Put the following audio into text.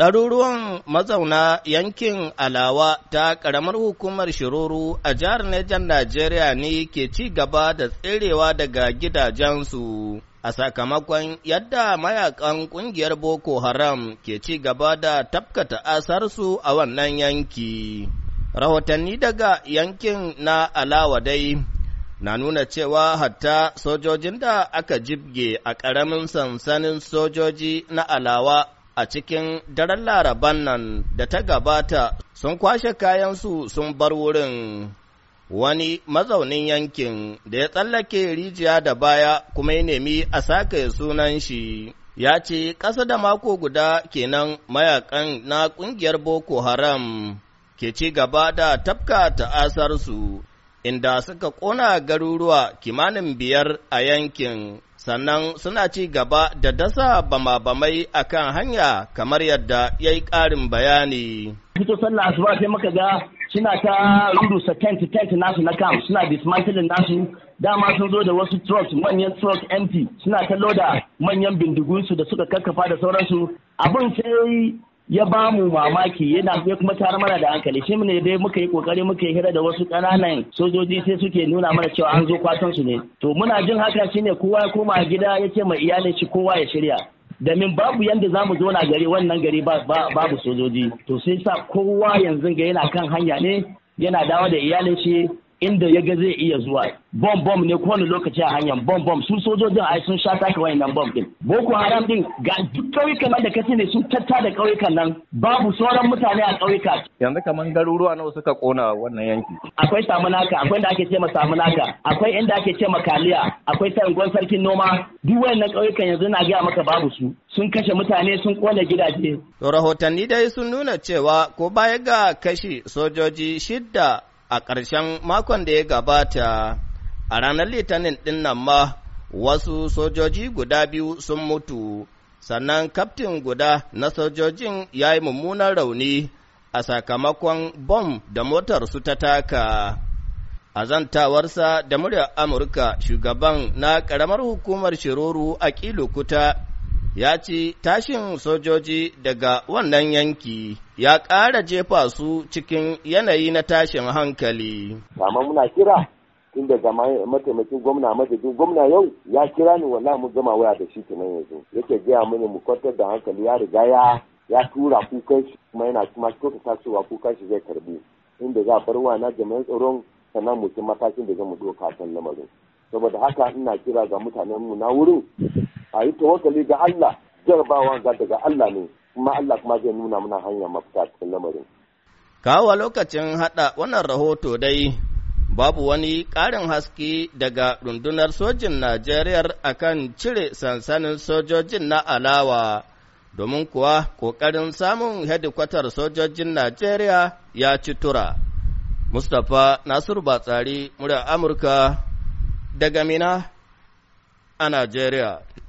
Ɗaruruwan mazauna yankin Alawa ta ƙaramar hukumar Shiruru, a jihar Nejan Najeriya ne ke ci gaba da tserewa daga gidajensu. A sakamakon yadda mayakan ƙungiyar Boko Haram ke ci gaba da tafkata asarsu a wannan yanki. Rahotanni daga yankin na Alawa dai na nuna cewa hatta sojojin da aka jibge a ƙaramin sansanin sojoji na Alawa a cikin daren laraban nan da ta gabata sun kwashe kayansu sun bar wurin wani mazaunin yankin da ya tsallake rijiya da baya kuma ya nemi a sake sunan shi ya ce ƙasa da mako guda kenan mayakan na ƙungiyar boko haram ke ci gaba da tafka ta'asarsu inda suka ƙona garuruwa kimanin biyar a yankin sannan suna ci gaba da dasa bama-bamai a kan hanya kamar yadda ya yi ƙarin bayani. Fito sallah asuba sai muka ga suna ta rurusa tent tent nasu na kam suna dismantling nasu dama sun zo da wasu trucks manyan trucks empty suna ta loda manyan bindigunsu da suka kakkafa da sauransu abin sai ya ba mu mamaki yana ya kuma tare mana da hankali shi ne dai muka yi kokari muka yi hira da wasu kananan sojoji sai suke nuna mana cewa an zo kwatan su ne to muna jin haka shi ne kowa ya koma gida ya ce ma iyalin shi kowa ya shirya domin babu yadda za mu na gari wannan gari babu sojoji to sai sa kowa yanzu ga yana kan hanya ne yana dawo da iyalin shi inda ya ga zai iya zuwa bom bom ne kowane lokaci a hanyar bom bom su sojojin ai sun sha take wayannan bom din boko haram din ga duk kauyukan nan da kace ne sun tatta da kauyukan nan babu sauran mutane a kauyuka yanzu kaman garuruwa nawa suka kona wannan yanki akwai samunaka akwai inda ake ce ma samunaka akwai inda ake ce ma kaliya akwai sangon sarkin noma duk wayannan kauyukan yanzu na ga maka babu su sun kashe mutane sun kona gidaje rahotanni dai sun nuna cewa ko baya ga kashi sojoji shidda a ƙarshen makon da ya gabata a ranar litinin ɗin nan ma wasu sojoji guda biyu sun mutu sannan kaftin guda na sojojin ya yi mummunan rauni a sakamakon bom da motar su ta taka. A zantawarsa da muryar Amurka shugaban na ƙaramar hukumar Shiruru a Kilukuta ya ce tashin sojoji daga wannan yanki ya ƙara jefa su cikin yanayi na tashin hankali. Amma muna kira tun daga mataimakin gwamna madadin gwamna yau ya kira ni wallahi mu gama waya da shi kenan yanzu yake gaya mini mu kwantar da hankali ya riga ya ya tura kukan shi kuma yana kuma kyautata cewa kukan shi zai karbi inda za a bar wa na jami'an tsaron sannan mu matakin da zamu doka kan lamarin saboda haka ina kira ga mutanen mu na wurin a yi tawakkali ga Allah jarabawa ga daga Allah ne kuma Allah kuma zai nuna muna hanyar mafita cikin lamarin kawo lokacin hada wannan rahoto dai babu wani ƙarin haske daga rundunar sojin Najeriya akan cire sansanin sojojin na alawa domin kuwa ƙoƙarin samun hedikwatar sojojin Najeriya ya ci tura. Mustapha Nasiru Batsari, murya Amurka, daga Mina a Najeriya.